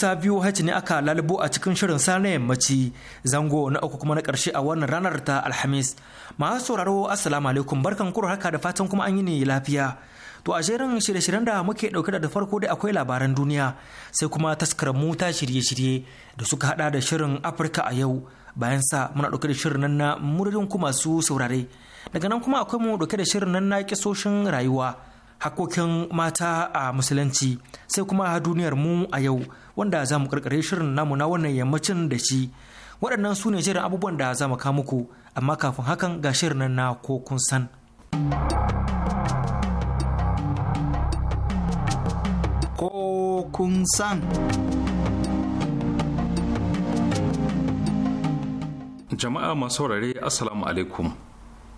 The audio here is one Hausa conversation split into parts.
Mista biyu haci ne aka lalubo a cikin shirin sa na yammaci zango na uku kuma na ƙarshe a wannan ranar ta Alhamis. Masu sauraro Assalamu alaikum barkan kuro haka da fatan kuma an yi ne lafiya. To a jerin shirye-shiryen da muke ɗauke da farko dai akwai labaran duniya sai kuma taskarar mu ta shirye-shirye da suka hada da shirin Afirka a yau bayan sa muna ɗauke da shirin nan na muridin kuma su saurare. Daga nan kuma akwai mu ɗauke da shirin nan na kisoshin rayuwa. hakokin mata a musulunci sai kuma a duniyar mu a yau wanda za mu karkare shirin namu na wannan yammacin da shi waɗannan su ne jerin abubuwan da za mu kawo muku amma kafin hakan ga shirin nan na ko kun san ko kun san jama'a masu saurare assalamu alaikum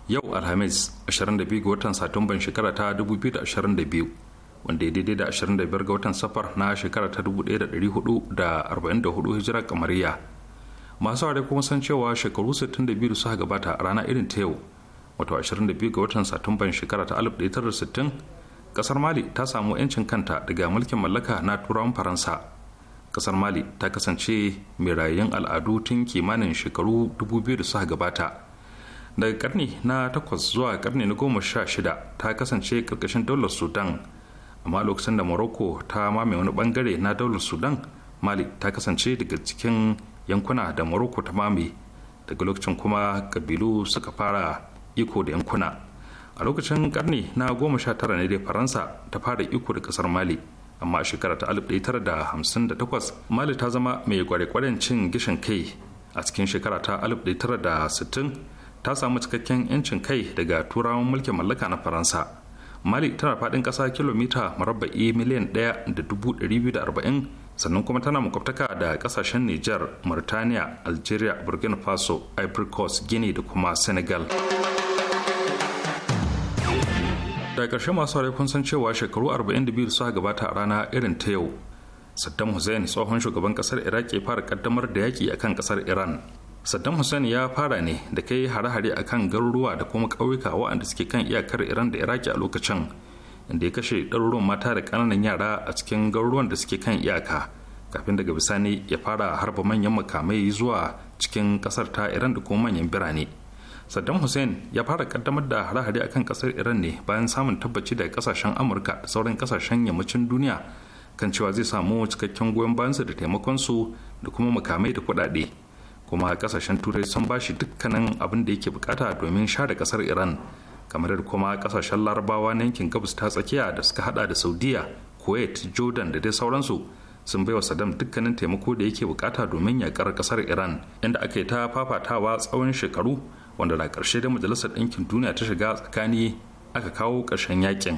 yau alhamis 22 ga watan satumban shekara ta 2022 wanda ya daidai da 25 ga watan safar na shekara ta 1444 hijira kamariya masu ware kuma san cewa shekaru 62 da suka gabata a rana irin ta yau wato 22 ga watan satumban shekara ta 1960 kasar mali ta samu 'yancin kanta daga mulkin mallaka na turawan faransa kasar mali ta kasance mai rayuwar al'adu tun kimanin shekaru 2000 da suka gabata daga karni na takwas zuwa karni na goma sha shida ta kasance karkashin daular sudan amma lokacin da morocco ta mame wani bangare na daular sudan mali ta kasance daga cikin yankuna da morocco ta mame daga lokacin kuma kabilu suka fara iko da yankuna a lokacin karni na goma sha tara ne dai faransa ta fara iko da kasar mali amma a shekara ta 1958 mali ta zama mai kware-kwaren cin gishin kai a cikin shekara ta 1960 ta samu cikakken 'yancin kai daga turawan mulkin mallaka na faransa mali tana faɗin ƙasa kilomita marabba'i miliyan ɗaya da da arba'in sannan kuma tana makwabtaka da ƙasashen niger mauritania algeria burkina faso ivory coast guinea da kuma senegal daga ƙarshe masu rai kun san cewa shekaru 42 suka gabata a rana irin ta yau saddam hussein tsohon shugaban ƙasar iraq ya fara ƙaddamar da yaƙi akan ƙasar iran saddam hussein ya fara ne da kai hare-hare a kan garuruwa da kuma ƙauyuka waɗanda suke kan iyakar iran da iraki a lokacin inda ya kashe ɗaruruwan mata da ƙananan yara a cikin garuruwan da suke kan iyaka kafin daga bisani ya fara harba manyan makamai zuwa cikin ƙasar ta iran da kuma manyan birane saddam hussein ya fara kaddamar da hare-hare a kan ƙasar iran ne bayan samun tabbaci daga ƙasashen amurka da sauran ƙasashen yammacin duniya kan cewa zai samu cikakken goyon bayansa da taimakonsu da kuma makamai da kuɗaɗe kuma kasashen turai sun bashi dukkanin abin da yake bukata domin share kasar iran kamar da kuma kasashen larabawa na yankin gabas ta tsakiya da suka hada da saudiya kuwait jordan da dai sauransu sun baiwa saddam dukkanin taimako da yake bukata domin yakar kasar iran inda aka yi ta fafatawa tsawon shekaru wanda na karshe da majalisar ɗinkin duniya ta shiga tsakani aka kawo ƙarshen yakin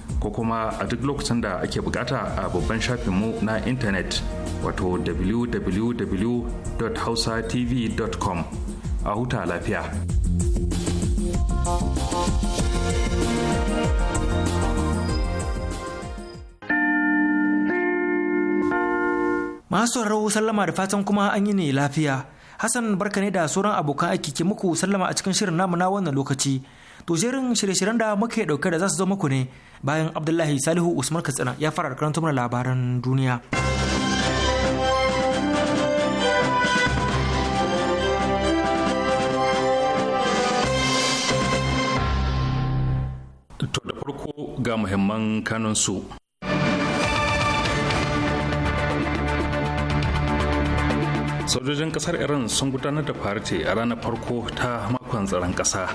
ko kuma a duk lokacin da ake bukata a babban shafinmu na intanet wato www.hausatv.com a huta lafiya. Masu rau sallama da fatan kuma an yi ne lafiya. Hassan barka ne da sauran abokan aiki ke muku sallama a cikin shirin namu na wannan lokaci. to jerin shirye-shiryen da muke dauke da za su zo muku ne bayan abdullahi salihu usman katsina ya fara karanta mana labaran duniya to da farko ga muhimman kanunsu sojojin kasar iran sun gudanar da farce a ranar farko ta makon tsaron kasa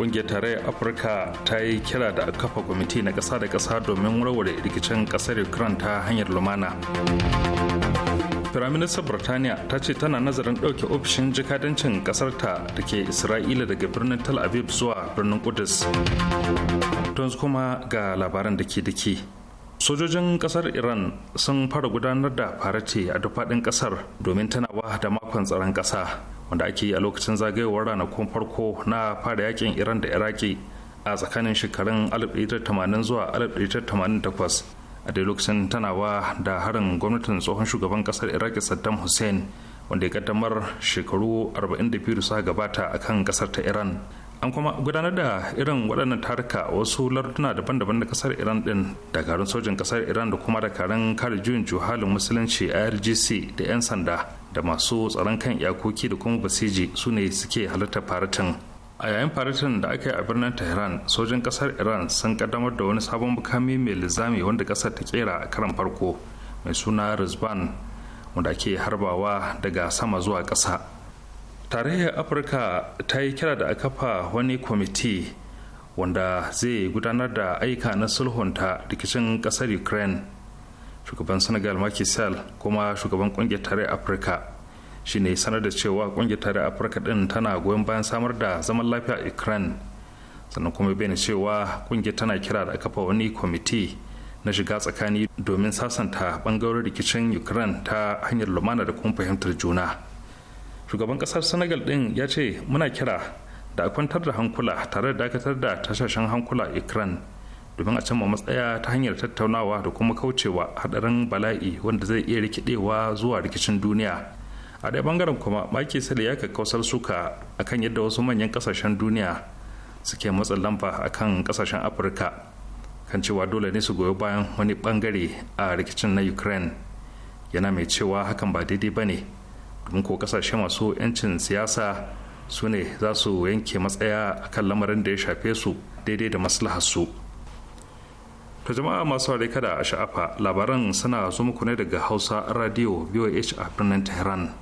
kungiyar tarayyar afirka ta yi kira da kafa kwamiti na ƙasa da ƙasa domin warware rikicin ƙasar ukraine ta hanyar lumana firaministan birtaniya ta ce tana nazarin ɗauke ofishin jikadancin ƙasarta da ke isra'ila daga birnin tel aviv zuwa birnin kudus yanzu kuma ga labaran da ke dake sojojin kasar iran sun fara gudanar da farace a duk faɗin kasar domin tana da makon tsaron ƙasa wanda ake yi a lokacin zagayowar ranakun farko na fara yakin iran da iraki a tsakanin shekarun 1980 zuwa 1988 a dai lokacin tanawa da harin gwamnatin tsohon shugaban kasar iraki saddam hussein wanda ya kaddamar shekaru 42 suka gabata a kan kasar ta iran an kuma gudanar da irin waɗannan tarika wasu larduna daban-daban da kasar iran din garin sojin kasar iran da kuma karin kare juyin juhalin musulunci irgc da 'yan sanda da masu tsaron kan iyakoki da kuma basiji su ne suke halartar faratin a yayin faratin da aka yi a birnin tehran sojin kasar iran sun kaddamar da wani sabon mukami mai lizami wanda kasar ta kera a karan farko mai suna rizban wanda ke harbawa daga sama zuwa ƙasa tarayyar afirka ta yi kira da a kafa wani kwamiti wanda zai gudanar da aika na sulhunta rikicin kasar ukraine shugaban senegal Macky Sall kuma shugaban kungiyar tare afirka shine sanar da cewa kungiyar tare afirka din tana goyon bayan samar da zaman lafiya a ukraine sannan kuma bane cewa kungiyar tana kira da kafa wani kwamiti na shiga tsakani domin sasanta bangarorin rikicin ukraine ta hanyar lumana da kuma fahimtar juna shugaban kasar senegal din ya ce muna kira da kwantar da hankula tare da dakatar da tashashen hankula ukraine domin a ma matsaya ta hanyar tattaunawa da kuma kaucewa hadarin bala'i wanda zai iya rikidewa zuwa rikicin duniya a ɗaya bangaren kuma maki sale ya kakkausar suka akan yadda wasu manyan kasashen duniya suke matsin lamba akan kasashen afirka kan cewa dole ne su goyi bayan wani bangare a rikicin na ukraine yana mai cewa hakan ba daidai ba ne domin ko kasashe masu 'yancin siyasa su ne za su yanke matsaya akan lamarin da ya shafe su daidai da maslahar su To jama'a masu ware kada a sha'afa labaran suna zo muku ne daga Hausa Radio VOH a birnin Tehran.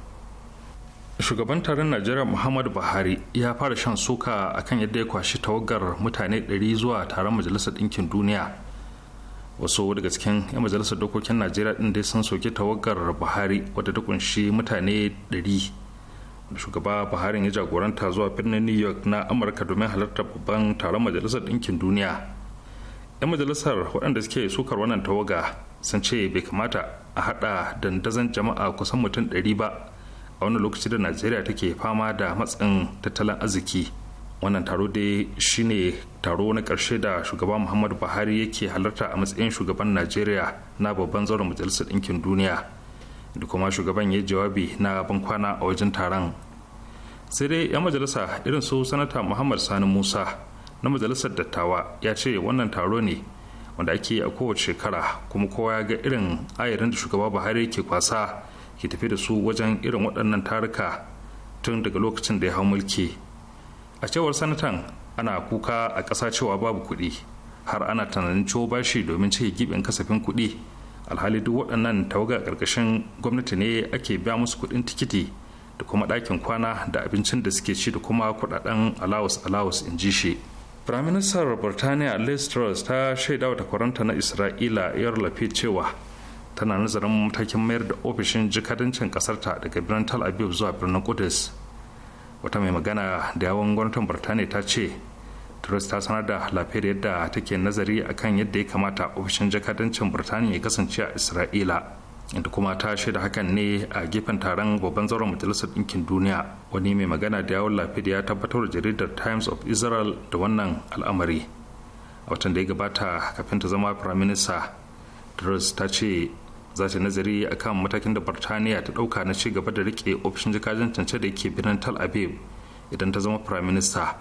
Shugaban taron Najeriya Muhammadu Buhari ya fara shan suka akan yadda ya kwashi tawagar mutane 100 zuwa taron Majalisar Ɗinkin Duniya. Wasu daga cikin 'yan majalisar dokokin Najeriya ɗin dai sun soki tawagar Buhari wadda ta kunshi mutane 100. Shugaba Buhari ya jagoranta zuwa birnin New York na Amurka domin halartar babban taron Majalisar Ɗinkin Duniya. 'yan majalisar waɗanda suke sukar wannan tawaga sun ce bai kamata a haɗa dandazon jama'a kusan mutum ɗari ba a wani lokaci da najeriya take fama da matsin tattalin arziki wannan taro dai shine taro na ƙarshe da shugaban muhammadu buhari yake halarta a matsayin shugaban najeriya na babban zauren majalisar ɗinkin duniya da kuma shugaban ya jawabi na bankwana a wajen taron sai dai 'yan majalisa irin su sanata muhammad sani musa na majalisar dattawa ya ce wannan taro ne wanda ake a kowace shekara kuma kowa ya ga irin ayarin da shugaba buhari ke kwasa ke tafi da su wajen irin waɗannan taruka tun daga lokacin da ya hau mulki a cewar sanatan ana kuka a ƙasa cewa babu kuɗi har ana tunanin ciwo bashi domin cike gibin kasafin kuɗi alhali duk waɗannan tawaga a ƙarƙashin gwamnati ne ake biya musu kuɗin tikiti da kuma ɗakin kwana da abincin da suke ci da kuma kuɗaɗen alawus alawus in ji shi firaministar birtaniya liz truss ta shaida shaidawa takwaranta na isra'ila yar lafi cewa tana nazarin matakin mayar da ofishin jikadancin kasarta daga birnin tal aviv zuwa birnin kudus wata mai magana da yawon gwamnatin birtaniya ta ce truss ta sanar da lafiyar yadda take nazari akan yadda ya kamata ofishin jikadancin birtaniya ya kasance a isra'ila inda kuma ta shaida hakan ne a gefen taron babban zauren majalisar ɗinkin duniya wani mai magana da yawon lafiya ya tabbatar da jaridar times of israel da wannan al'amari a watan da ya gabata kafin ta zama firaminista minister ta ce za ta nazari akan matakin da birtaniya ta ɗauka na ci gaba da rike ofishin jikajen tance da yake birnin tal aviv idan ta zama firaminista minister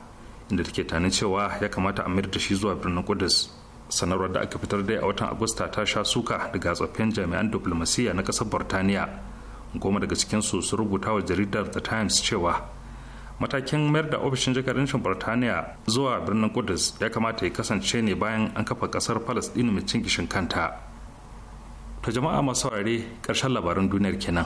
inda take tani cewa ya kamata a mayar da shi zuwa birnin kudus sanarwar da aka fitar dai a watan agusta ta sha suka daga tsoffin jami'an diplomasiya na kasar burtaniya goma daga cikin su rubuta wa jaridar the times cewa matakin mayar da ofishin jakadancin burtaniya zuwa birnin kudus ya kamata ya kasance ne bayan an kafa kasar palestine mai cin gishin kanta to jama'a masu saurare ƙarshen labaran duniyar kenan.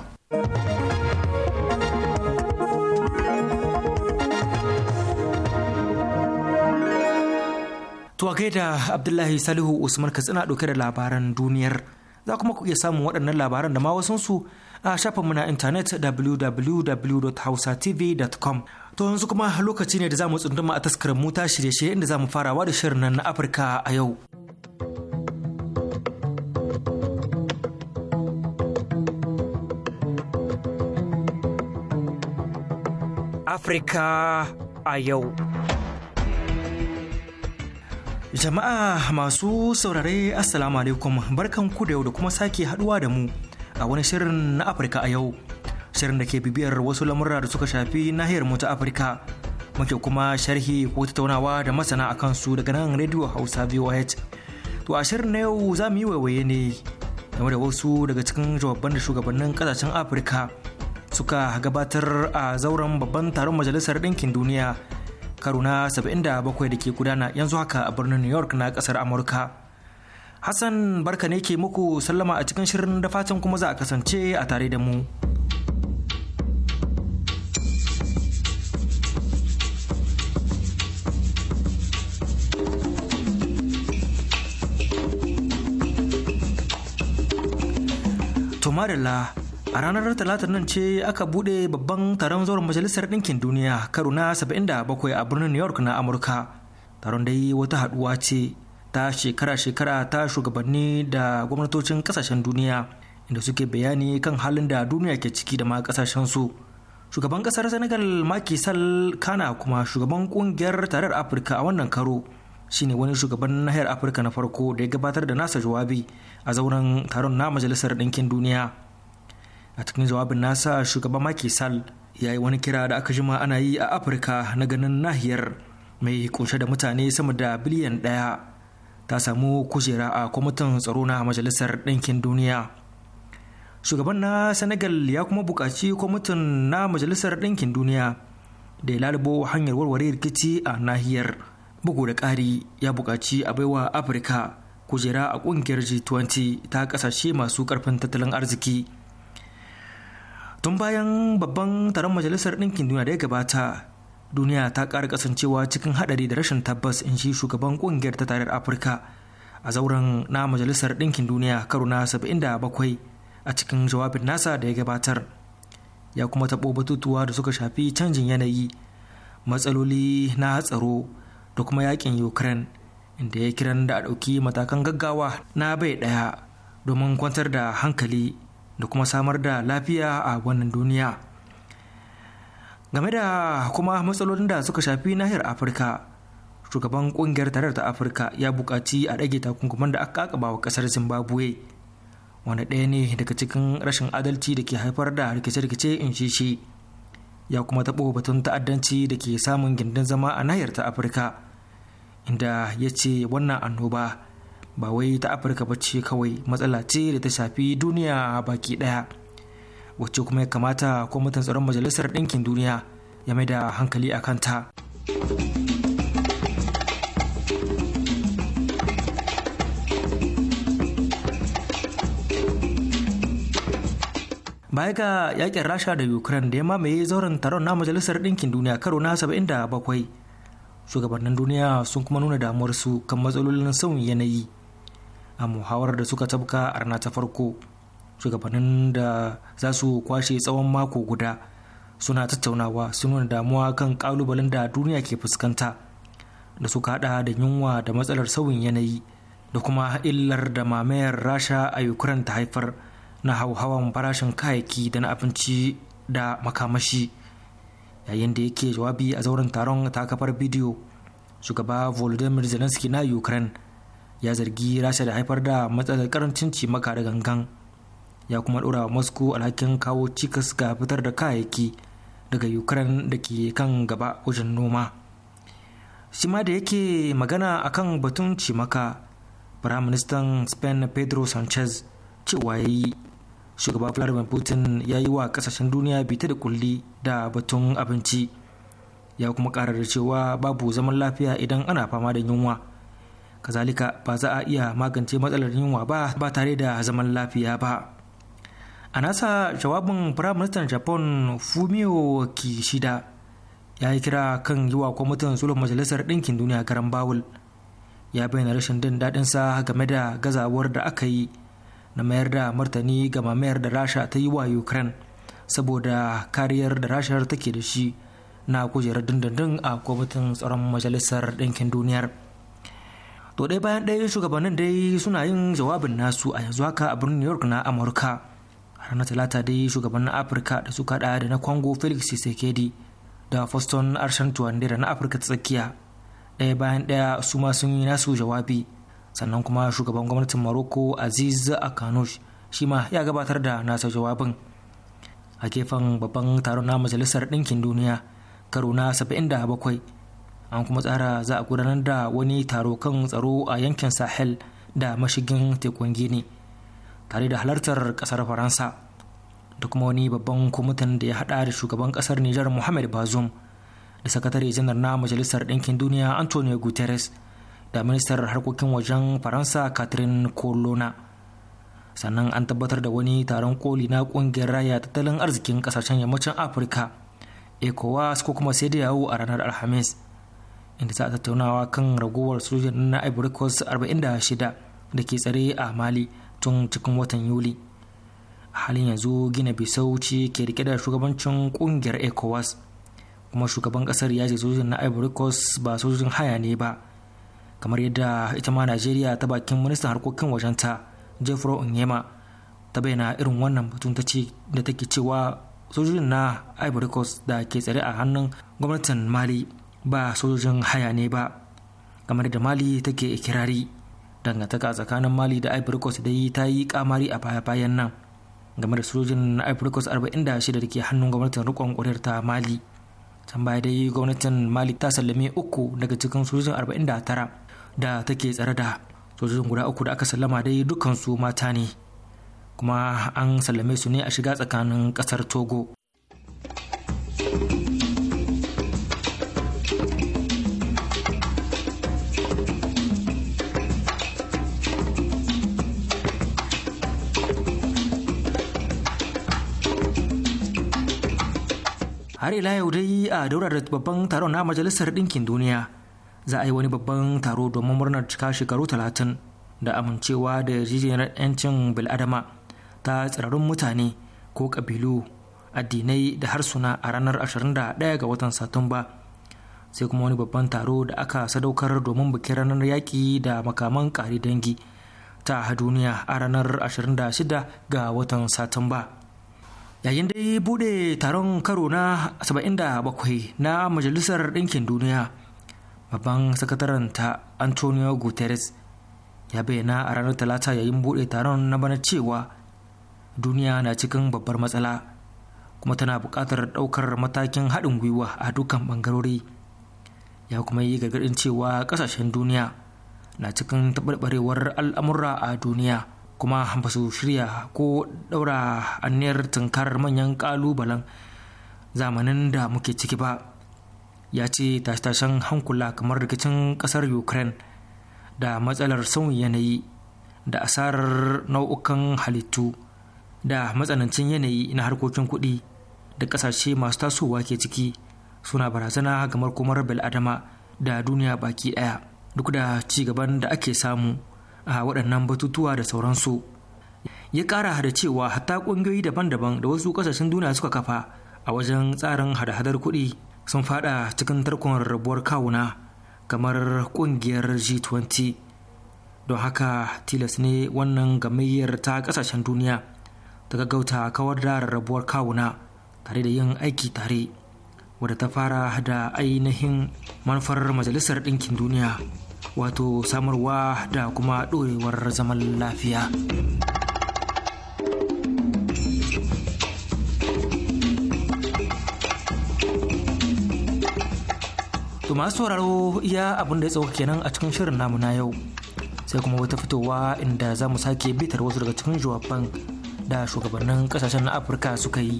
To a gaida Abdullahi Salihu Usman Katsina ɗauke da labaran duniyar. Za kuma ku iya samun waɗannan labaran da ma su a shafinmu na intanet www.hausatv.com. To yanzu kuma lokaci ne da za mu tsunduma a taskarar mota shirye-shirye inda za mu farawa da shirin nan na Afirka a yau. Afirka a yau. Jama'a masu saurare Assalamu alaikum barkan ku da yau da kuma sake haduwa da mu a wani shirin na Afirka a yau. Shirin da ke bibiyar wasu lamurra da suka shafi nahiyar mu ta Afirka. Muke kuma sharhi ko tattaunawa da masana a kansu daga nan Radio Hausa VOH. To a shirin na yau za mu yi waiwaye ne game da wasu daga cikin jawaban da shugabannin kasashen Afirka suka gabatar a zauren babban taron Majalisar Ɗinkin Duniya karo na 77 da ke gudana yanzu haka a birnin new york na kasar amurka hassan barka ne ke muku sallama a cikin shirin da fatan kuma za a kasance a tare da mu to A ranar talatar nan ce aka bude babban taron zauren majalisar ɗinkin duniya karo na 77 a birnin New York na Amurka. Taron dai wata haɗuwa ce ta shekara-shekara ta shugabanni da gwamnatocin kasashen duniya inda suke bayani kan halin da duniya ke ciki da ma kasashen su. Shugaban ƙasar Senegal Macky Sall Kana kuma shugaban ƙungiyar tarar Afirka a wannan karo shine wani shugaban nahiyar Afirka na farko da ya gabatar da nasa jawabi a zauren taron na majalisar ɗinkin duniya. a cikin jawabin nasa shugaban Macky Sall ya yi wani kira da aka jima ana yi a Afirka na ganin nahiyar mai kunshe da mutane sama da biliyan ɗaya ta samu kujera a kwamitin tsaro na majalisar ɗinkin duniya. Shugaban na Senegal ya kuma buƙaci kwamitin na majalisar ɗinkin duniya da ya lalubo hanyar warware rikici a nahiyar bugu da ƙari ya buƙaci a baiwa Afirka kujera a ƙungiyar G20 ta ƙasashe masu ƙarfin tattalin arziki. tun bayan babban taron majalisar ɗinkin duniya da ya gabata duniya ta ƙara kasancewa cikin haɗari da rashin tabbas in shi shugaban ƙungiyar ta tarar afirka a zauren na majalisar ɗinkin duniya karo na bakwai a cikin jawabin nasa da ya gabatar ya kuma taɓo batutuwa da suka shafi canjin yanayi matsaloli na tsaro da kuma yakin ukraine inda ya kiran da a ɗauki matakan gaggawa na bai ɗaya domin kwantar da hankali da kuma samar da lafiya a wannan duniya game da kuma matsalolin da suka shafi nahiyar afirka shugaban kungiyar tarar ta afirka ya bukaci a ɗage takunkuman da aka kakaba wa ƙasar zimbabwe wanda ɗaya ne daga cikin rashin adalci da ke haifar da rikice-rikice in shi ya kuma taɓo batun ta'addanci da ke samun gindin zama a nahiyar ta afirka inda ya ce wannan annoba ba wai ta afirka ba ce kawai matsala ce da ta shafi duniya baki daya wacce kuma ya kamata kwamitin tsaron majalisar ɗinkin duniya ya mai da hankali a kanta baya ga yakin rasha da ukraine da ya mamaye zauren taron na majalisar ɗinkin duniya karo na 77 shugabannin duniya sun kuma nuna damuwarsu kan matsalolin sauyin yanayi a muhawar da suka tabka a rana ta farko shugabannin da za su kwashe tsawon mako guda suna tattaunawa sun nuna damuwa kan kalubalen da duniya ke fuskanta da suka hada da yunwa da matsalar sauyin yanayi da kuma illar da mamayar rasha a ukraine ta haifar na hauhawan farashin kayayyaki da na abinci da makamashi yayin da yake jawabi a zauren taron ta kafar bidiyo shugaba volodymyr zelensky na ukraine ya zargi rasha da haifar da matsalar karancin cimaka da gangan ya kuma dora moscow alhakin kawo cikas ga fitar da kayayyaki daga ukraine da ke kan gaba wajen noma shi ma da yake magana akan batun cimaka firaministan spain pedro sanchez cewa ya yi shugaba vladimir putin ya yi wa kasashen duniya bita da kulli da batun abinci ya kuma karar da cewa babu zaman lafiya idan ana fama da yunwa kazalika ba za a iya magance matsalar yunwa ba ba tare da zaman lafiya ba a nasa jawabin firaministan japan fumio kishida ya yi kira kan yi wa kwamitin sulhun majalisar ɗinkin duniya garan bawul ya bayyana rashin jin daɗinsa game da gazawar da aka yi na mayar da martani ga mamayar da rasha ta yi wa ukraine saboda kariyar da rashar take da shi na kujerar dindindin a kwamitin tsaron majalisar ɗinkin duniyar to ɗaya bayan ɗaya shugabannin dai suna yin jawabin nasu a yanzu haka a birnin new york na amurka a ranar talata dai shugabannin afirka da suka da da na congo felix sekedi da foston arshen da na afirka ta tsakiya ɗaya bayan ɗaya su ma sun yi nasu jawabi sannan kuma shugaban gwamnatin morocco aziz akanush shi ma ya gabatar da nasa jawabin a gefen babban taron na majalisar ɗinkin duniya karo na 77 an kuma tsara za a gudanar da wani taro kan tsaro a yankin sahel da mashigin tekun gini tare da halartar kasar faransa da kuma wani babban kwamitin da ya hada da shugaban kasar nijar muhammad bazoum da sakatare janar na majalisar ɗinkin duniya antonio guterres da ministar harkokin wajen faransa catherine colonna sannan an tabbatar da wani taron koli na kungiyar raya tattalin arzikin kasashen yammacin afirka ecowas ko kuma sai da yawo a ranar alhamis inda za a tattaunawa kan ragowar sojan na ivory coast 46 da ke tsare a mali tun cikin watan yuli halin yanzu gina bisau ce ke rike da shugabancin kungiyar ecowas kuma shugaban kasar ya ce sojan na ivory coast ba sojojin haya ne ba kamar yadda ita ma najeriya ta bakin ministan harkokin wajenta jeffro onyema ta bayyana irin wannan batun ta ce da take cewa sojojin na ivory coast da ke tsare a hannun gwamnatin mali ba sojojin haya ne ba kamar da mali take ikirari dangantaka tsakanin mali da ivory coast da yi ta yi kamari a baya-bayan nan game da sojojin na ivory coast arba'in da ke hannun gwamnatin rikon kuriyar ta mali can baya dai gwamnatin mali ta sallame uku daga cikin sojojin tara da take tsare da sojojin guda uku da aka sallama dai dukansu mata ne kuma an sallame su ne a shiga tsakanin kasar togo har ila yau dai a daurada babban taron na majalisar ɗinkin duniya za a yi wani babban taro domin murnar cika shekaru talatin da amincewa da yarjejeniyar 'yancin bil'adama ta tsirarun mutane ko ƙabilu addinai da harsuna a ranar 21 ga watan satumba sai kuma wani babban taro da aka sadaukar domin bikin ranar yaƙi da makaman ƙari dangi ta duniya a ranar 26 ga watan satumba. yayin dai bude taron karo na 77 na majalisar ɗinkin duniya babban sakataren ta antonio guterres ya bayyana a ranar talata yayin bude taron na bana cewa duniya na cikin babbar matsala kuma tana buƙatar ɗaukar matakin haɗin gwiwa a dukkan ɓangarori ya kuma yi gargaɗin cewa ƙasashen duniya na cikin taɓarɓarewar al'amura a duniya kuma ba su shirya ko daura aniyar tunkarar manyan ƙalubalen zamanin da muke ciki ba ya ce tashe-tashen hankula kamar rikicin ƙasar ukraine da matsalar sauyin yanayi da asarar nau'ukan halittu da matsanancin yanayi na harkokin kuɗi da ƙasashe masu tasowa ke ciki suna barazana ga markomar bil'adama da duniya baki ɗaya duk da ci gaban da ake samu a waɗannan batutuwa da sauransu ya ƙara da cewa hatta ƙungiyoyi daban-daban da wasu ƙasashen duniya suka kafa a wajen tsarin hada-hadar kuɗi sun faɗa cikin tarkon rabuwar kawuna kamar ƙungiyar g20 don haka tilas ne wannan gamayyar ta ƙasashen duniya ta gaggauta kawar da rarrabuwar kawuna tare da yin aiki tare wadda ta fara da ainihin manufar majalisar ɗinkin duniya wato samarwa da kuma ɗorewar zaman lafiya. To masu sauraro iya abin da ya tsawo kenan a cikin shirin namu na yau sai kuma wata fitowa inda za mu sake bitar wasu daga cikin jawaban da shugabannin kasashen na afirka suka yi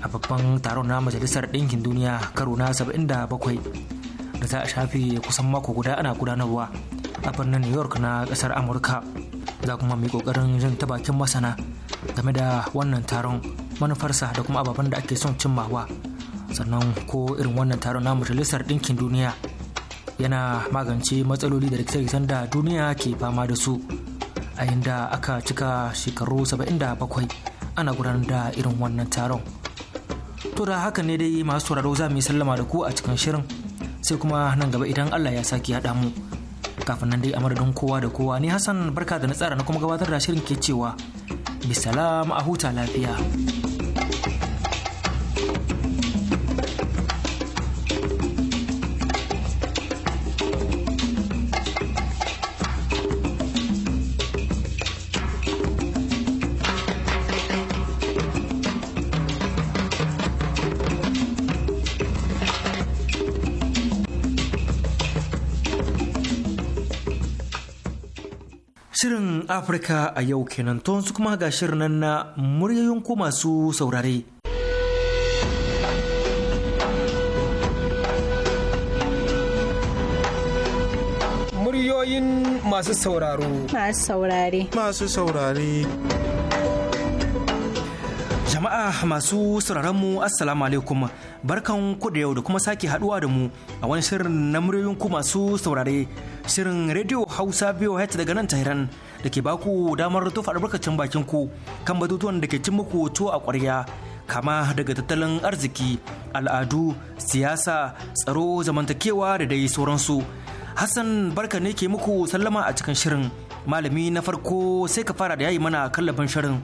a babban taron na majalisar ɗinkin duniya karo na 77 da za a shafe kusan mako guda ana gudanarwa a birnin new york na kasar amurka za kuma mai kokarin jin ta bakin masana game da wannan taron manufarsa da kuma ababen da ake son cimmawa sannan ko irin wannan taron na majalisar ɗinkin duniya yana magance matsaloli da rikice-rikicen da duniya ke fama da su a inda aka cika shekaru 77 ana gudanar da irin wannan taron to da haka ne dai masu sauraro za mu yi sallama da ku a cikin shirin sai kuma nan gaba idan Allah ya saki haɗa mu kafin nan dai a madadin kowa da kowa ni Hassan barka da na tsara na kuma gabatar da shirin ke cewa bisalam a huta lafiya. Afirka a yau kenan to su kuma ga shirin nan na muryoyin ku masu saurare. Muryoyin masu sauraro. Masu saurare. Masu saurare. Jama'a masu sauraron mu Assalamu alaikum barkan ku da yau da kuma sake haduwa da mu a wani shirin na muryoyin ku masu saurare shirin Radio Hausa biyu daga nan Tehran da ke baku damar tofa albarkacin bakin ku kan batutuwan da ke cin muku tuwo a ƙwarya kama daga tattalin arziki al'adu siyasa tsaro zamantakewa da dai sauransu hassan barka ne ke muku sallama a cikin shirin malami na farko sai ka fara da yayi mana kallafin shirin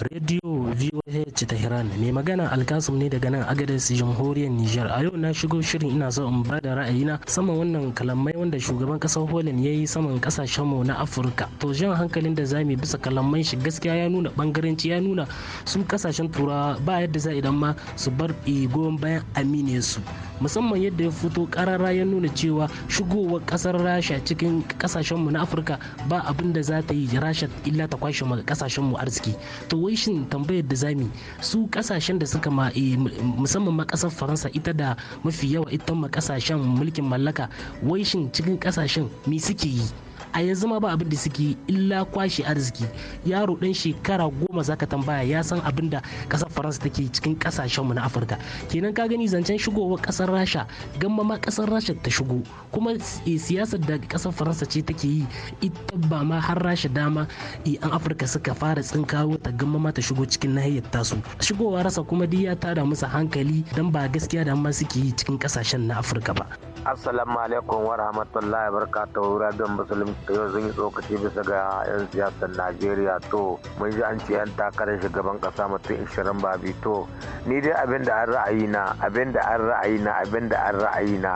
Radio VOH Tehran mai magana Alkasum ne daga nan Agadez Jamhuriyar Nijar. A yau na shigo shirin ina so in ba da ra'ayina saman wannan kalamai wanda shugaban kasar Holin ya yi saman kasashen mu na Afirka. To jan hankalin da zamu bisa kalamai shi gaskiya ya nuna bangaranci ya nuna su kasashen Turawa ba yadda za idan ma su bar igon bayan amine su. Musamman yadda ya fito karara ya nuna cewa shigowar kasar Rasha cikin kasashen mu na Afirka ba abin da za ta yi Rasha illa ta kwashe mu kasashen mu arziki. To wai shin tambayar yadda zami su kasashen da suka ma eh, musamman ma kasar faransa ita da mafi yawa ita ma kasashen mulkin mallaka wai shin cikin kasashen me suke yi a yanzu ma ba abin da suke illa kwashe arziki yaro dan shekara goma zaka tambaya ya san abin da kasar faransa take cikin kasashen mu na afirka kenan ka gani zancen shigowar kasar rasha gamma ma kasar rasha ta shigo kuma eh, siyasar da kasar faransa ce take yi ita ba ma har rasha dama eh, an afirka suka fara tsinkawo ta gamma ma ta shigo cikin nahiyar tasu shigowa rasa kuma duk ya tada musu hankali dan ba gaskiya da ma suke yi cikin kasashen na afirka ba assalamu alaikum wa rahmatullahi wa barakatuhu radio musulunci yau zan yi tsokaci bisa ga 'yan siyasar najeriya to mun ji an ce 'yan takarar shugaban kasa mutum ishirin ba to ni dai abin da an ra'ayi na abin da an ra'ayi na abin da an ra'ayi na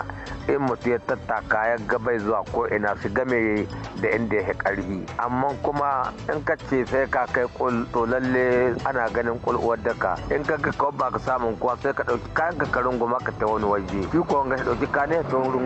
in mutum ya tattaka ya gabai zuwa ko ina su game da inda ya karhi amma kuma in ka ce sai ka kai kul to lalle ana ganin kul uwar daka in ka ga kawai ba ka samun kuwa sai ka ɗauki kayan ka karin goma ka ta wani waje shi ko ga shi ɗauki ka ne ta wani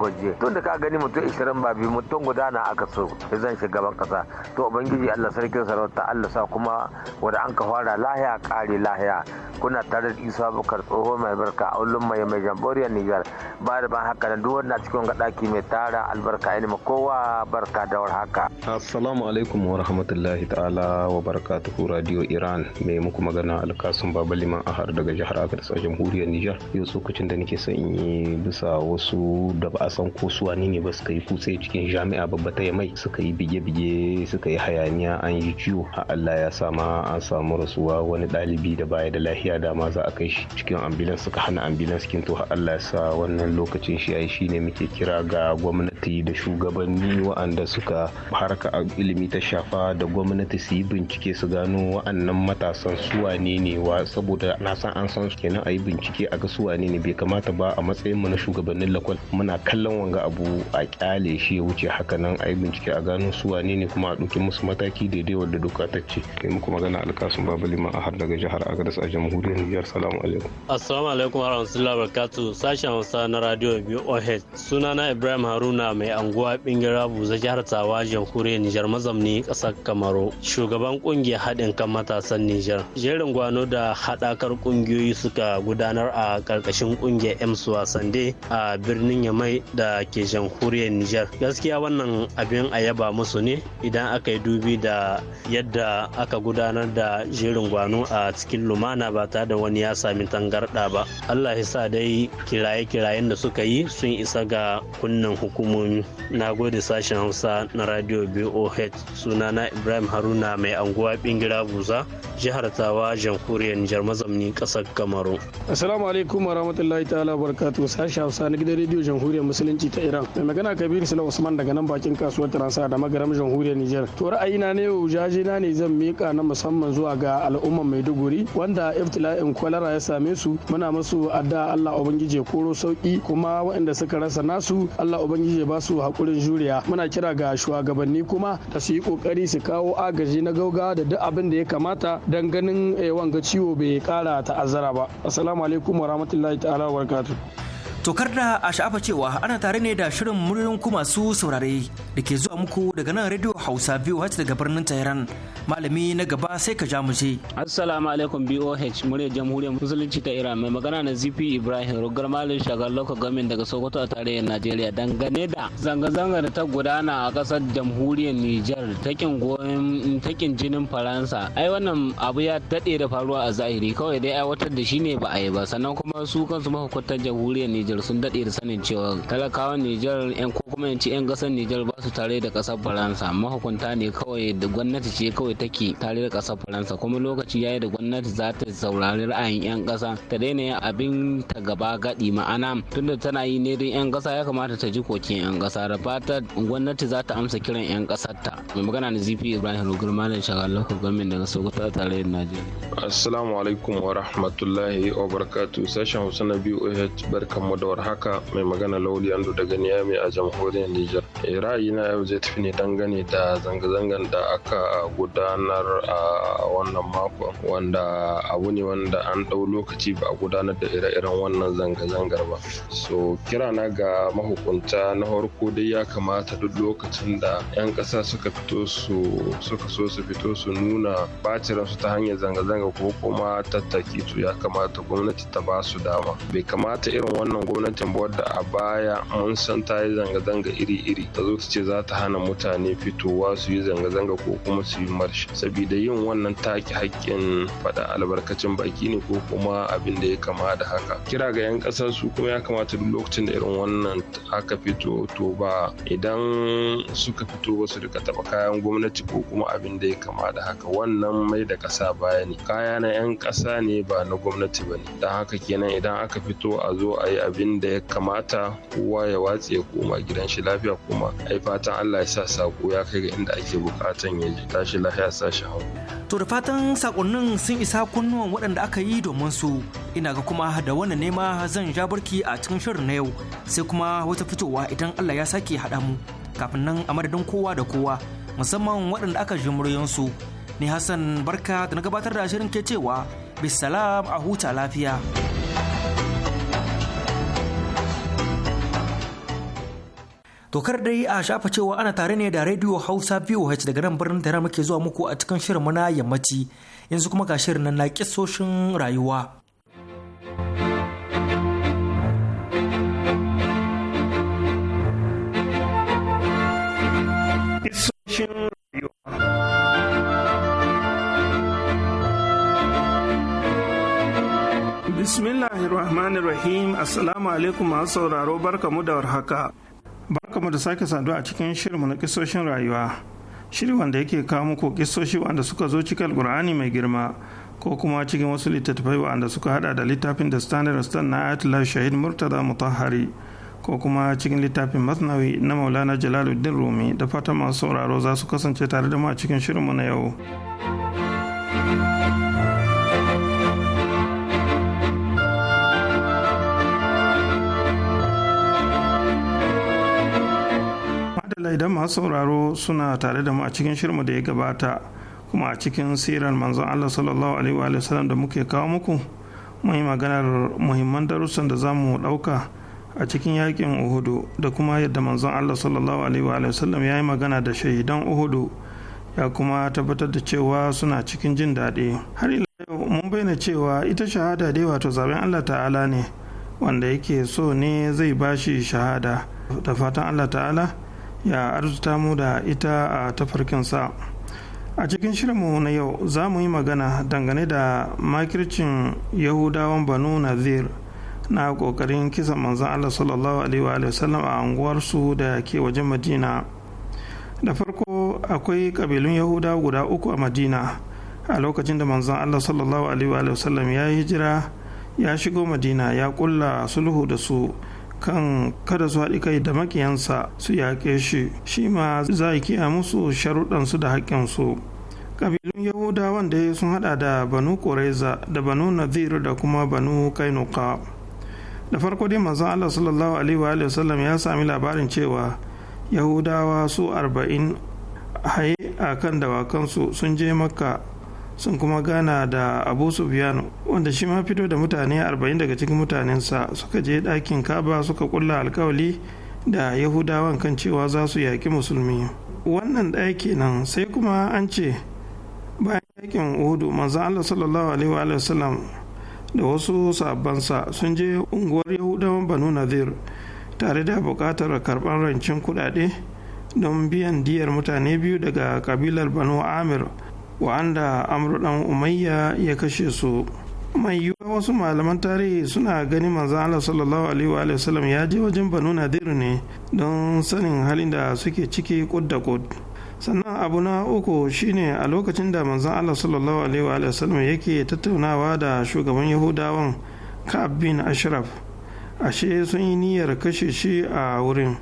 waje tun da ka gani mutum ishirin ba bi mutum guda gudana aka so zan shugaban kasa to ubangiji allah sarkin sarauta allah sa kuma wanda an ka fara lahiya kare lahiya kuna tare da isa bukar tsoho mai barka a ulun mai mai jamboriyar niger ba da ban haka na duk wanda cikin gadaki mai tara albarka ilimi kowa barka da war haka assalamu alaikum wa rahmatullahi ta'ala wa barakatuhu radio iran mai muku magana alkasun baba liman ahar daga jihar agadis sa jamhuriyar niger yau tsokacin da nake son yi bisa wasu da ba a san ko su ne ba suka yi kutse cikin jami'a babba ta mai suka yi bige-bige suka yi hayaniya an yi ciwo a Allah ya sama an samu rasuwa wani ɗalibi da baya da lafiya dama za a kai shi cikin ambulance suka hana ambulance kin to Allah ya sa wannan lokacin shi ai shine muke kira ga gwamnati da shugabanni waɗanda suka harka ilimi ta shafa da gwamnati su yi bincike su gano waɗannan matasan su ne ne wa saboda na san an san su kenan a yi bincike a ga suwa ne ne bai kamata ba a matsayin mu na shugabannin lakwal muna kallon wanga abu a kyale shi ya wuce haka sannan a yi bincike a gano su wane ne kuma a ɗauki musu mataki daidai wadda doka ta ce kai muku magana alkasun babu liman a har daga jihar agadas a jamhuriyar niger salamu alaikum assalamu alaikum wa barakatu sashen hausa na radio boh sunana ibrahim haruna mai anguwa bingira buza jihar tawa jamhuriyar nijar mazamni ƙasar kamaru shugaban ƙungiyar haɗin kan matasan nijar jerin gwano da haɗakar ƙungiyoyi suka gudanar a ƙarƙashin ƙungiyar emsu sande a birnin yamai da ke jamhuriyar nijar gaskiya wannan wannan abin a yaba musu ne idan aka yi dubi da yadda aka gudanar da jerin gwano a cikin lumana ba ta da wani ya sami tangarɗa ba allah ya sa dai kiraye-kirayen da suka yi sun isa ga kunnen hukumomi na gode sashen hausa na radio boh sunana ibrahim haruna mai anguwa bingira buza jihar tawa jamhuriyar nijar mazamni kasar kamaru assalamu alaikum rahmatullahi ta'ala barkatu sashen hausa na gidan rediyo jamhuriyar musulunci ta iran mai magana kabiru sula usman daga nan bakin kasuwar Transa da magaram jamhuriyar Nijar. To ra'ayina ne yau na ne zan mika na musamman zuwa ga al'umman Maiduguri wanda iftila'in kwalara ya same su muna musu adda Allah ubangije koro sauki kuma waɗanda suka rasa nasu Allah ubangije ba su hakurin juriya. Muna kira ga shugabanni kuma da su yi kokari su kawo agaji na gauga da duk abin da ya kamata dan ganin eh, wanga ciwo bai kara ta'azzara ba. Assalamu alaikum warahmatullahi ta'ala barakatuh. Tokar da a sha'afa cewa ana tare ne da shirin muryoyin ku masu saurare da ke zuwa muku daga nan Radio Hausa VOH daga birnin Tehran. Malami na gaba sai ka ja mu je. Assalamu alaikum BOH muryar Jamhuriyar Musulunci ta Iran mai magana na ZP Ibrahim Rugar Malam Shagar Local Gamin daga Sokoto a tarayyar Najeriya dangane da zanga-zanga da ta gudana a kasar Jamhuriyar Nijar takin goyon takin jinin Faransa. Ai wannan abu ya daɗe da faruwa a zahiri kawai dai aiwatar da shi ne ba a yi ba sannan kuma su kansu mahukuntar Jamhuriyar Nijar Nijar sun daɗe da sanin cewa talakawan Nijar 'yan ko kuma yanci 'yan ƙasar Nijar ba su tare da ƙasar Faransa mahukunta ne kawai da gwamnati ce kawai take tare da ƙasar Faransa kuma lokaci yayi da gwamnati za ta saurari ra'ayin 'yan ƙasa ta daina yin abin ta gaba gaɗi ma'ana tunda tana yi ne don 'yan ƙasa ya kamata ta ji kokin 'yan ƙasa da fata gwamnati za ta amsa kiran 'yan ƙasar ta mai magana da zifi Ibrahim Rugur Malam Shagal Lokal Gwamnati daga Sokoto a da Najeriya. Assalamu alaikum wa rahmatullahi wa barakatuh sashen Hausa na BOH barkamu war haka, mai magana Lauri Ando daga Niyami a jamhuriyar eh, ra'ayi na yau zai tafi ne dangane da zanga-zangan da aka gudanar a wannan mako wanda abu ne wanda an ɗau lokaci ba a gudanar da ire-iren wannan zanga-zangar ba. So kirana ga mahukunta na farko dai ya kamata duk lokacin da 'yan ƙasa suka fito su suka so su fito su nuna bacin su ta hanyar zanga-zanga ko kuma tattaki su ya kamata gwamnati ta ba su dama. Bai kamata irin wannan gwamnatin da a baya mun san ta yi zanga-zanga iri-iri ta zo ta ce za ta hana mutane fitowa su yi zanga-zanga ko kuma su yi marsh saboda yin wannan take haƙƙin faɗa albarkacin baki ne ko kuma abin da ya kama da haka kira ga 'yan ƙasa su kuma ya kamata duk lokacin da irin wannan aka fito to ba idan suka fito ba su rika taɓa kayan gwamnati ko kuma abin da ya kama da haka wannan mai da ƙasa baya ne kaya na 'yan ƙasa ne ba na gwamnati ba ne don haka kenan idan aka fito a zo a yi abin abin da ya kamata kowa ya watse ya koma gidan shi lafiya kuma ai fatan Allah ya sa sako ya kai ga inda ake bukatan ya tashi lafiya shi hau. To da fatan sakonnin sun isa kunnuwan waɗanda aka yi domin su ina ga kuma da wani nema zan ja barki a cikin shirin na yau sai kuma wata fitowa idan Allah ya sake haɗa mu kafin nan a madadin kowa da kowa musamman waɗanda aka ji su ni Hassan barka da na gabatar da shirin ke cewa bisalam a huta lafiya. Tokar dai a shafa cewa ana tare ne da Radio Hausa VOH daga nan birnin Tehran muke zuwa muku a cikin shirin mana yammaci yanzu kuma ga shirin nan na kisoshin rayuwa. Kisoshin rayuwa Bismillahirrahmanirrahim Assalamu alaikum masu sauraro barkamu da warhaka. barkamu da sake sadu a cikin shirinmu na kisoshin rayuwa shiri wanda yake kawo muku kisoshi wanda suka zo cikin alkur'ani mai girma ko kuma cikin wasu littattafai wanda suka hada da littafin da standard stan na atlas shahid murtaza mutahari ko kuma cikin littafin masnawi na maulana jalaluddin rumi da fatan masu sauraro za su kasance tare da mu a cikin shirinmu na yau. Allah idan masu sauraro suna tare da mu a cikin shirmu da ya gabata kuma a cikin sirar manzon Allah sallallahu alaihi wa sallam da muke kawo muku mun maganar muhimman darussan da za mu ɗauka a cikin yakin Uhudu da kuma yadda manzon Allah sallallahu alaihi wa ya yi magana da shahidan Uhudu ya kuma tabbatar da cewa suna cikin jin daɗi har ila yau mun bayyana cewa ita shahada dai wato zaben Allah ta'ala ne wanda yake so ne zai bashi shahada da fatan Allah ta'ala ya arzuta mu da ita a tafarkinsa a cikin shirinmu na yau za mu yi magana dangane da makircin yahudawan banu nazir na kokarin kisa manzan allah sallallahu alaihi wasallam a unguwarsu da ke wajen madina da farko akwai kabilun yahuda guda uku a madina a lokacin da manzan allah sallallahu alaihi wasallam ya hijira ya shigo madina ya kulla sulhu da su kan kada su haɗi kai da makiyansa su yaƙe shi shi ma za a kiya musu sharuɗansu da haƙƙinsu ƙabilun yahudawan da sun haɗa da banu da banu nazir da kuma banu kainuka da farko dai maza allah sallallahu alaihi wa sallam ya sami labarin cewa yahudawa su arba'in haye a kan dawakansu sun je makka sun kuma gana da abu sufyan wanda shi ma fito da mutane 40 daga cikin mutanensa suka je ɗakin kaba suka kulla alkawali da yahudawan kan cewa za su yaƙi musulmi wannan ɗaya nan sai kuma an ce bayan yakin uhudu manzan allah sallallahu alaihi wa sallam da wasu sabansa sun je unguwar yahudawan banu nadir tare da buƙatar karɓar rancen kuɗaɗe don biyan diyar mutane biyu daga kabilar banu amir wa'anda amru dan umayya ya kashe su mai yiwuwa wasu malaman tarihi suna gani manzan Allah sallallahu alaihi wa sallam ya je wajen banu nadiru ne don sanin halin da suke ciki kud da kud sannan abu na uku shine a lokacin da manzan Allah sallallahu alaihi wa sallam yake tattaunawa da shugaban yahudawan ka'ab bin ashraf ashe sun yi niyyar kashe shi a wurin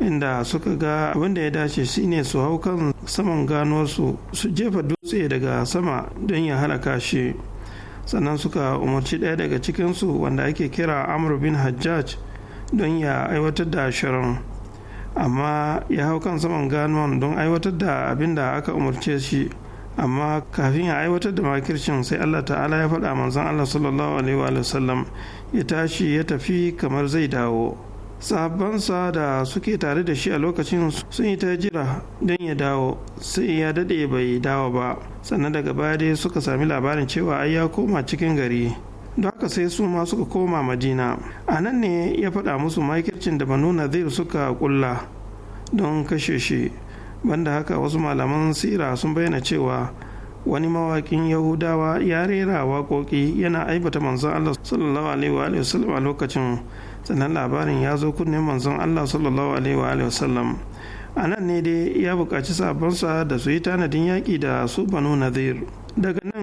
inda suka ga abin da ya dace shine su hau kan saman gano su su jefa dutse daga sama don ya halaka shi sannan suka umarci ɗaya daga cikinsu wanda ake kira amr bin hajjaj don ya aiwatar da shirin amma ya hau kan saman ganuwan don aiwatar da abin da aka umarce shi amma kafin ya aiwatar da makircin sai allah ta'ala ya faɗa manzan allah sallallahu alaihi wa sallam ya tashi ya tafi kamar zai dawo sahabbansa da suke tare da shi a lokacin sun yi ta jira don ya dawo sai ya daɗe bai dawo ba sannan daga baya dai suka sami labarin cewa ai ya koma cikin gari don haka sai su ma suka koma madina a nan ne ya faɗa musu makircin da nuna zai suka kulla don kashe shi banda haka wasu malaman sira sun bayyana cewa wani mawakin yahudawa ya rera waƙoƙi yana aibata manzon allah sallallahu alaihi wa sallam a lokacin sannan labarin ya zo kunne manzon allah sallallahu alaihi wa wasallam a nan ne dai ya buƙaci sabonsa da su yi tanadin yaƙi da su banu nazir daga nan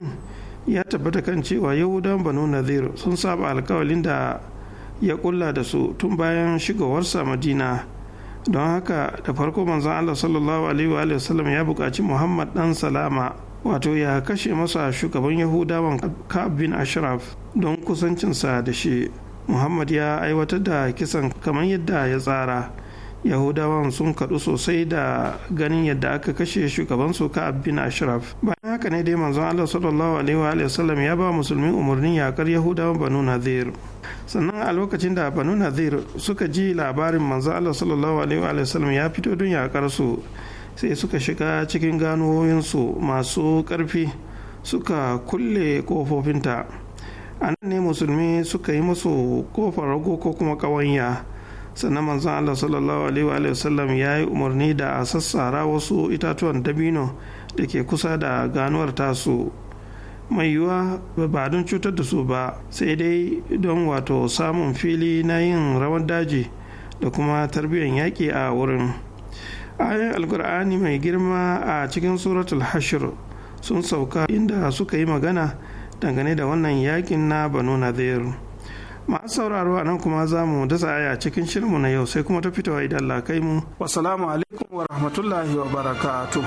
ya tabbata kan cewa yahudan banu nazir sun saba alkawalin da ya kulla da su tun bayan shigowarsa madina don haka da farko manzon allah sallallahu alaihi wasallam ya buƙaci muhammad dan salama wato ya kashe masa shugaban yahudawan ka'ab bin ashraf don kusancinsa da shi muhammad ya aiwatar da kisan kamar yadda ya tsara yahudawan sun kaɗu sosai da ganin yadda aka kashe shugaban su ka bin ashraf bayan haka ne dai manzon allah sallallahu alaihi wa sallam ya ba musulmi umarnin yakar yahudawan banu nazir sannan a lokacin da banu nazir suka ji labarin manzon allah sallallahu alaihi wa sallam ya fito don yakar su sai suka shiga cikin su masu ƙarfi suka kulle ƙofofinta a nan ne musulmi suka yi musu kofar rago ko kuma ƙawanya sannan manzon allah sallallahu alaihi wa wasallam ya yi umarni da a sassara wasu itatuwan dabino da ke kusa da ganuwar tasu mai yiwuwa ba don cutar da su ba sai dai don wato samun fili na yin rawar daji da kuma tarbiyyar yaƙi a wurin ayoyin alkur'ani mai girma a cikin suratul hashir sun sauka inda suka yi magana dangane da wannan yakin na banu Ma masu sauraro a nan kuma za mu dasa aya cikin shirinmu na yau sai kuma ta fitowa idan Allah mu wasalamu alaikum wa rahmatullahi wa barakatu.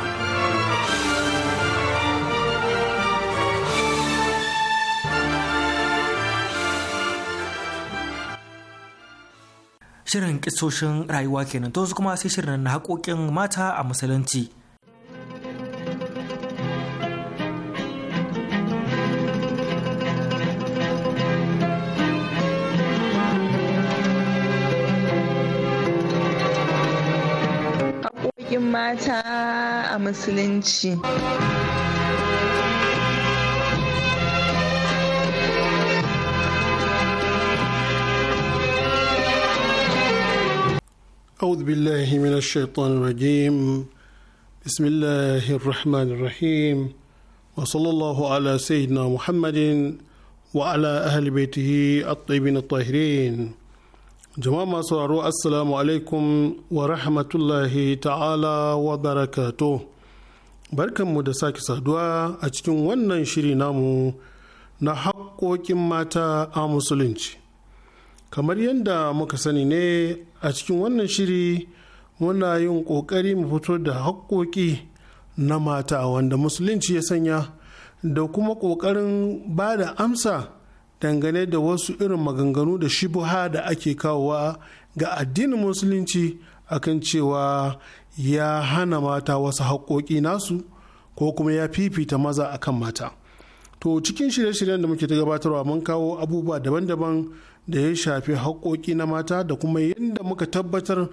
shirin kisoshin rayuwa kenan to su kuma sai shirin na haƙoƙin mata a musulunci mata a musulunci أعوذ بالله من الشيطان الرجيم بسم الله الرحمن الرحيم وصلى الله على سيدنا محمد وعلى أهل بيته الطيبين الطاهرين jama'a masu sauraro assalamu alaikum wa rahmatullahi ta'ala wa barakato barkanmu da sake saduwa a cikin wannan shiri namu na haƙoƙin mata a musulunci kamar yadda muka sani ne a cikin wannan shiri muna yin ƙoƙari mu fito da haƙoƙi na mata wanda musulunci ya sanya da kuma ƙoƙarin ba da amsa dangane da wasu irin maganganu da shibuha da ake kawowa ga addinin musulunci akan cewa ya hana mata wasu haƙoƙi nasu ko kuma ya fifita maza akan mata to cikin shirye-shiryen da muke ta gabatarwa mun kawo abubuwa daban-daban da ya shafi haƙoƙi na mata da kuma yadda muka tabbatar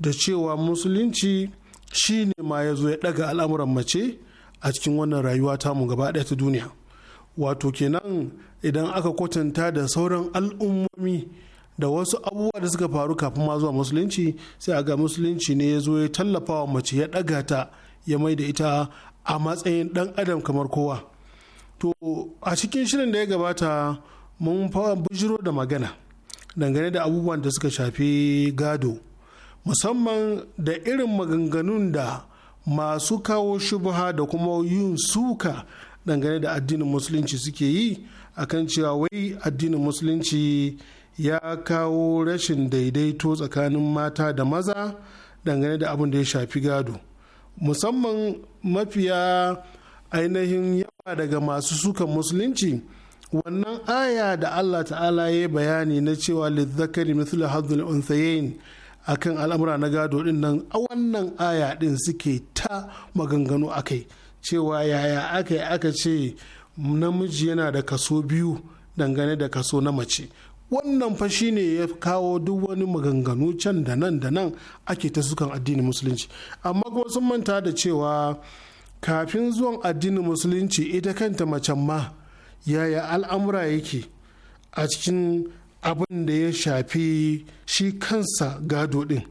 da cewa musulunci shi ne ma ya zo ya ɗaga al'amuran mace a cikin wannan rayuwa mu gaba ɗaya ta duniya wato kenan idan aka kwatanta da sauran al'ummomi da wasu abubuwa da suka faru kafin ma zuwa musulunci sai a ga musulunci ne ya zo ya tallafa wa mace ya ɗaga ta ya mai da ita a matsayin ɗan adam kamar kowa to a cikin shirin da ya gabata mun fara bujiro da magana dangane da abubuwan da suka shafi gado musamman da irin maganganun da masu kawo shubha da kuma yin suka dangane da addinin musulunci suke yi akan cewa wai addinin musulunci ya kawo rashin daidaito tsakanin mata da maza dangane da abin da ya shafi gado musamman mafiya ainihin yawa daga masu sukan musulunci wannan aya da allah ta'ala ya bayani na cewa lizzakari mithlu hadhul a akan al'amura na gado din nan a wannan aya din suke ta maganganu akai cewa yaya aka aka ce namiji yana da kaso biyu dangane da kaso na mace wannan fa shine ya kawo duk wani maganganu can da nan da nan ake ta sukan addinin musulunci amma kuma sun manta da cewa kafin zuwan addinin musulunci ita kanta macen ma yaya al'amura yake a cikin abin da ya shafi shi kansa gado din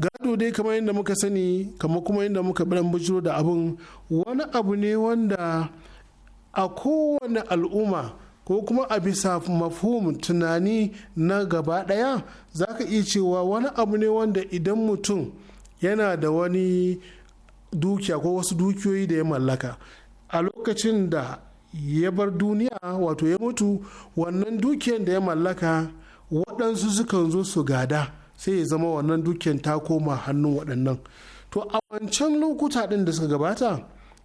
gado dai kamar yadda muka sani kamar kuma yadda muka biran da abin wani abu ne wanda a kowane al'umma ko kuma a bisa mafhum tunani na gaba ɗaya za ka iya cewa wani abu ne wanda idan mutum yana da wani dukiya ko wasu dukiyoyi da ya mallaka a lokacin da ya bar duniya wato ya mutu wannan dukiyan da ya mallaka waɗansu sukan zo su gada sai ya zama wannan dukiyan ta koma hannun waɗannan to a wancan lokuta ɗin da suka gabata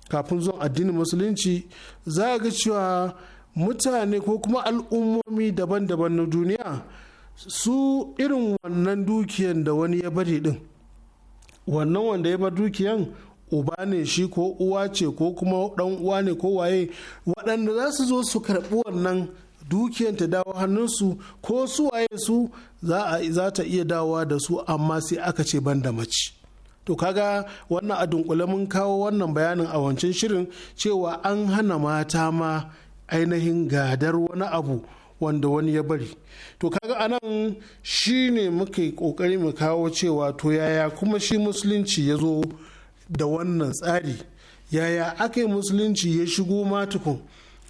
kafin zuwan addinin musulunci za a ga cewa mutane ko kuma al'ummomi daban-daban na duniya su irin wannan dukiyan da wani ya bari din wannan wanda ya bar dukiyan uba ne shi ko uwa ce ko kuma dan uwa ne ko waye waɗanda za su zo su karɓi wannan dukiyan ta dawo hannunsu ko su waye su za ta iya dawowa da su amma sai aka ce ban da mace to kaga wannan a dunkule mun kawo wannan bayanin a wancan shirin cewa an hana mata ma ainihin gadar wani abu wanda wani ya bari to kaga anan shi ne muke kokari mu kawo cewa to yaya kuma shi musulunci ya zo da wannan tsari yaya aka yi musulunci ya shigo matukun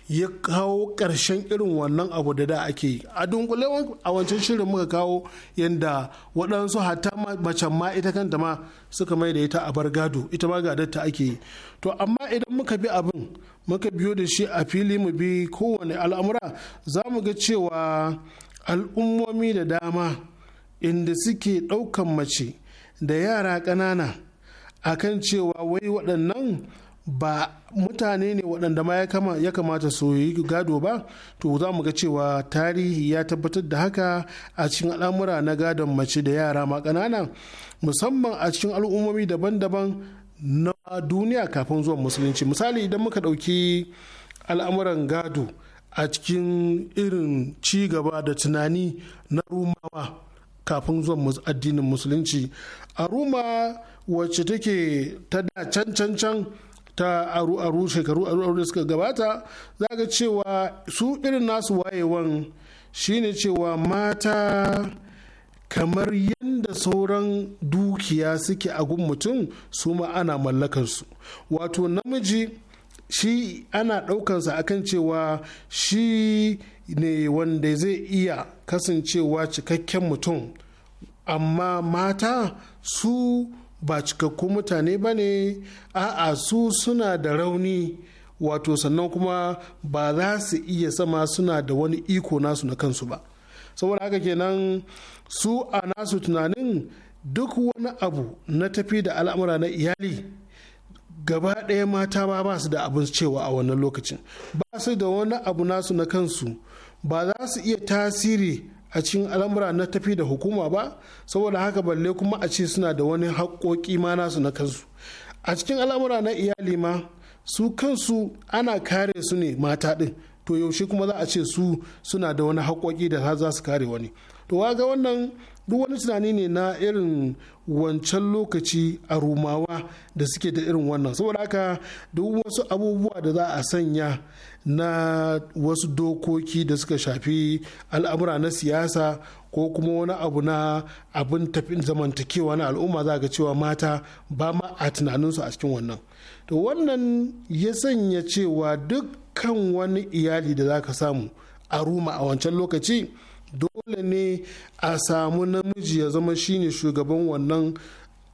ya kawo ƙarshen irin wannan abu da da ake yi a dunkule a wancan shirin muka kawo yadda waɗansu hatta macen ma ita kanta ma suka mai da ita a bar gado ita ma gadarta ake yi to amma idan muka bi abin muka biyo da shi a fili mu bi kowane al'amura za mu ga cewa al'ummomi da dama inda suke ɗaukan mace da yara ƙanana akan cewa wai waɗannan ba mutane ne waɗanda ma ya kamata su yi gado ba to za mu ga cewa tarihi ya tabbatar da haka a cikin al'amura na gadon mace da yara ma ƙanana musamman a cikin al'ummomi daban-daban na duniya kafin zuwan musulunci misali idan muka ɗauki al'amuran gado a cikin irin ci gaba da tunani na rumawa kafin zuwan addinin musulunci a ruma wacce take ta da can can can ta aru-aru shekaru aru-aru da suka gabata za ga cewa su irin nasu wayewan shine cewa mata kamar yadda sauran dukiya suke a gun mutum su ma ana mallakarsu wato namiji shi ana ɗaukansa akan cewa shi ne wanda zai iya kasancewa cikakken mutum amma mata su ba cikakku mutane ba ne a'a su suna da rauni wato sannan kuma ba za su iya sama suna da wani iko nasu na kansu ba saboda haka kenan su a nasu tunanin duk wani abu na tafi da al'amura na iyali gaba ɗaya mata ba ba su da abin cewa a wannan lokacin ba su da wani abu nasu na kansu ba za su iya tasiri a cikin al'amura na tafi da hukuma ba saboda haka balle kuma a ce suna da wani haƙoƙi ma nasu na kansu a cikin al'amura na iyali ma su kansu ana kare su ne mata ɗin to yaushe kuma za a ce su suna da wani haƙoƙi da za su kare wani to ga wannan duk wani tunani ne na irin wancan lokaci a rumawa da suke da irin wannan saboda haka duk wasu abubuwa da za a sanya na wasu dokoki da suka shafi al'amura na siyasa ko kuma wani abu na abin tafin zamantakewa na al'umma za ga cewa mata ba ma a tunaninsu a cikin wannan to wannan ya sanya cewa dukkan wani iyali da za ka samu a ruma a wancan lokaci dole ne a samu namiji ya zama shine shugaban wannan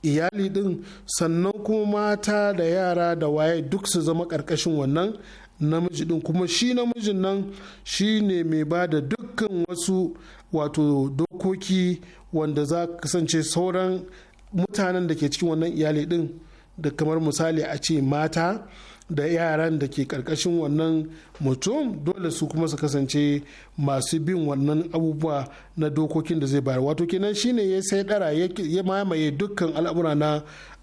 iyali din sannan kuma mata da yara da waye duk su zama karkashin wannan namiji din kuma shi namijin nan shi ne mai ba da dukkan wasu wato dokoki wanda za kasance sauran mutanen da ke cikin wannan iyali din da kamar misali a ce mata da yaran da ke karkashin wannan mutum dole su kuma su kasance masu bin wannan abubuwa na dokokin da zai bayar wato kenan shine ya sai dara ya mamaye dukkan al'amura na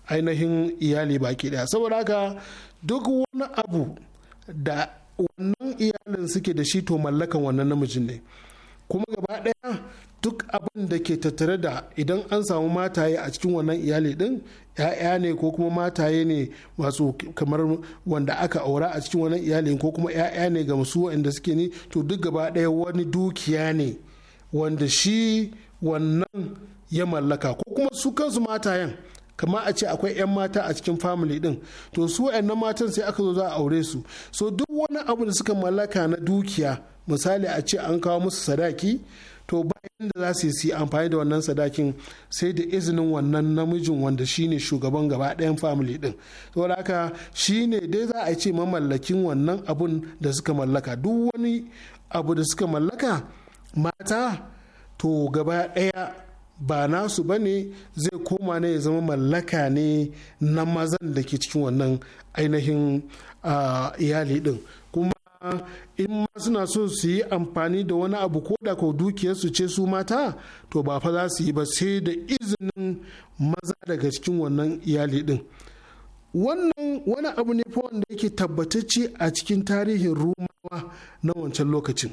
ainihin iyali baki daya saboda haka duk wani abu da wannan iyalin suke da shi to mallakan wannan namijin ne kuma gaba daya duk abin da ke tattare da idan an samu mataye a cikin wannan iyali din 'ya'ya ne ko kuma mataye ne masu kamar wanda aka aura a cikin wani iyalin ko kuma 'ya'ya ne ga masu suke ni to duk gaba ɗaya wani dukiya ne wanda shi wannan ya mallaka ko kuma su kansu matayen kama a ce akwai 'yan mata a cikin family din to su na matan sai aka zo za a aure su so duk wani abu da suka mallaka na dukiya misali a ce an kawo musu sadaki to bayan da za su yi amfani da wannan sadakin sai da izinin wannan namijin wanda shine shugaban gaba ɗayan family din saboda haka shine dai za a ce mamallakin wannan abun da suka mallaka duk wani abu da suka mallaka mata to gaba ɗaya ba nasu ba ne zai koma ne ya zama mallaka ne na mazan da ke cikin wannan ainihin ah, iyali din in ma suna so su yi amfani da wani abu ko da ko su ce su mata to ba fa za su yi ba sai da izinin maza daga cikin wannan iyali din wannan wani abu ne fa wanda yake tabbatacce a cikin tarihin rumawa na wancan lokacin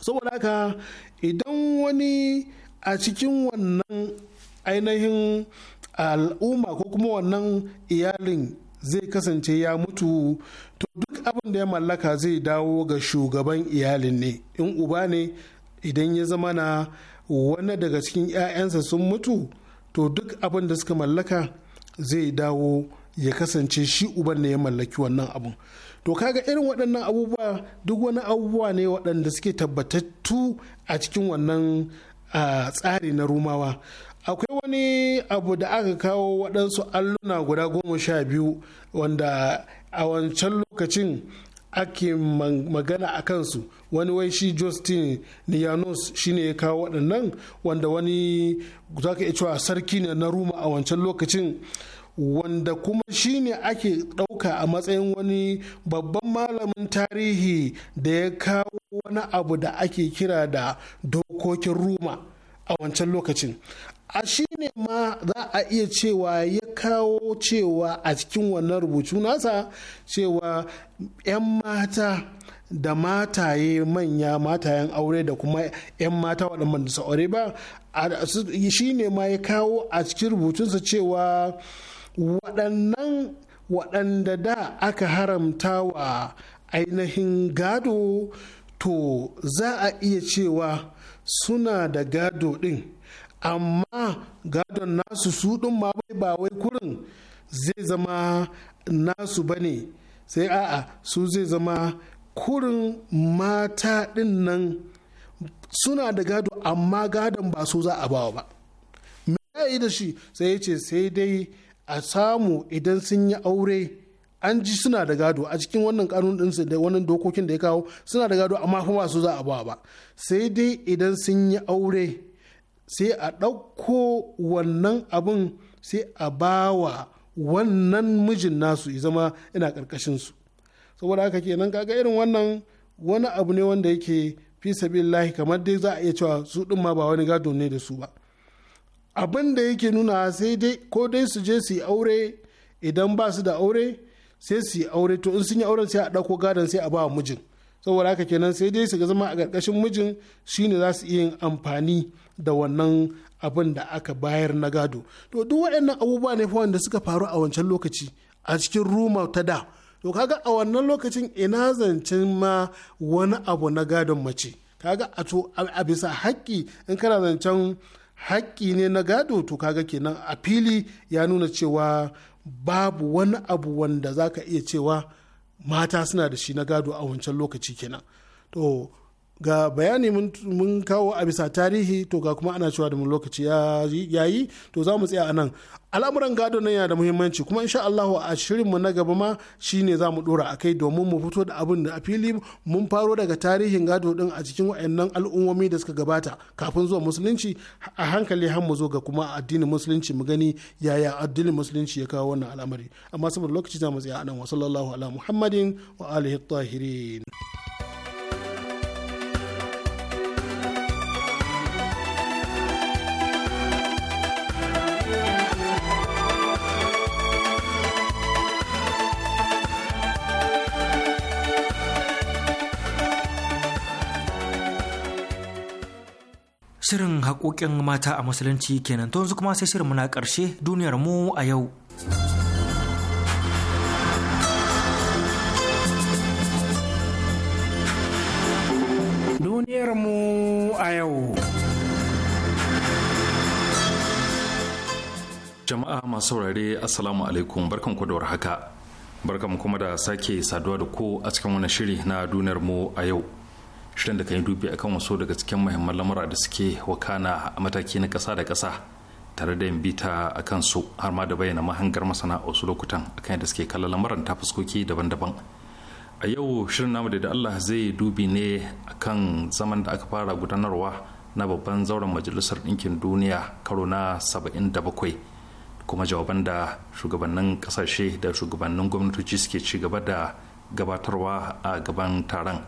saboda haka idan wani a cikin wannan ainihin al'umma ko kuma wannan iyalin zai kasance ya mutu to duk abin da ya mallaka zai dawo ga shugaban iyalin ne in uba ne idan ya zama na wani daga cikin 'ya'yansa sun mutu to duk abin da suka mallaka zai dawo ya kasance shi uban ne ya mallaki wannan abu to kaga irin waɗannan abubuwa duk wani abubuwa ne waɗanda suke tabbatattu a cikin wannan ah, tsari na rumawa akwai wani abu da aka kawo waɗansu alluna guda goma sha biyu wanda a wancan lokacin ake magana a kansu wani wai shi justin niyanos shine ya kawo waɗannan wanda wani za ka iya cewa sarki ne na ruma a wancan lokacin wanda kuma shine ake ɗauka a matsayin wani babban malamin tarihi da ya kawo wani abu da ake kira da dokokin ruma a wancan lokacin a shi ne ma za a iya cewa ya kawo cewa a cikin wannan rubutu nasa cewa 'yan mata da mataye manya matayen aure da kuma 'yan mata waɗanda su aure ba shi ne ma ya kawo a cikin rubutunsa cewa waɗannan waɗanda da aka haramta wa ainihin gado to za a iya cewa suna da gado ɗin amma gadon nasu su ɗin ma bai ba wai kurin zai zama nasu ba ne sai a'a su zai zama kurin mata ɗin nan suna da gado amma gadon ba su za a bawa ba me ya yi da shi sai ya ce sai dai a samu idan sun yi aure an ji suna da gado a cikin wannan kanun ɗinsu da wannan dokokin da ya kawo suna da gado amma ba su za a bawa ba sai dai idan sun yi aure sai a ɗauko wannan abin sai a bawa wannan mijin nasu ya zama ina su saboda haka kenan kaga irin wannan wani abu ne wanda yake fi sabilillahi kamar dai za a iya cewa su ɗin ma ba wani gado ne da su ba abin da yake nuna sai dai ko dai su je su yi aure idan ba su da aure sai su yi aure to in sun yi auren sai a ɗauko gadon sai a ba mijin saboda haka kenan sai dai su zama a ƙarƙashin mijin shine za su iya yin amfani da wannan abin da aka bayar na gado to duk waɗannan abubuwa ne fa wanda suka faru a wancan lokaci a cikin ruma ta da to kaga a wannan lokacin ina zancen ma wani abu na gadon mace kaga a to a bisa haƙƙi in kana zancen haƙƙi ne na gado to kaga kenan a fili ya nuna cewa babu wani abu wanda zaka iya cewa mata suna da shi na gado a wancan lokaci kenan to ga bayani mun kawo a bisa tarihi to ga kuma ana cewa da mun lokaci ya yi to za mu tsaya a nan al'amuran gado nan yana da muhimmanci kuma insha Allah a shirinmu na gaba ma shine za mu dora a kai domin mu fito da abin da a fili mun faro daga tarihin gado din a cikin wayannan al'ummomi da suka gabata kafin zuwa musulunci a hankali har mu zo ga kuma addinin musulunci mu gani yaya addinin musulunci ya kawo wannan al'amari amma saboda lokaci za mu tsaya a nan wa sallallahu ala muhammadin wa alihi tahirin Shirin haƙoƙin mata a musulunci kenan to yanzu kuma sai shirin muna ƙarshe duniyar mu a yau. Duniyar mu a yau. Jama'a masu saurare Assalamu alaikum barkanku da warhaka. Barkanku kuma da sake saduwa da ku a cikin wani shiri na duniyar mu a yau. shirin da kan yi dubi akan wasu daga cikin muhimman lamura da suke wakana a mataki na kasa da kasa tare da yin bita a kansu har ma da bayyana mahangar masana a wasu lokutan akan yadda suke kalla lamuran ta fuskoki daban-daban a yau shirin namu da Allah zai dubi ne akan zaman da aka fara gudanarwa na babban zauren majalisar ɗinkin duniya karo na 77 kuma jawaban da shugabannin kasashe da shugabannin gwamnatoci suke ci gaba da gabatarwa a gaban taron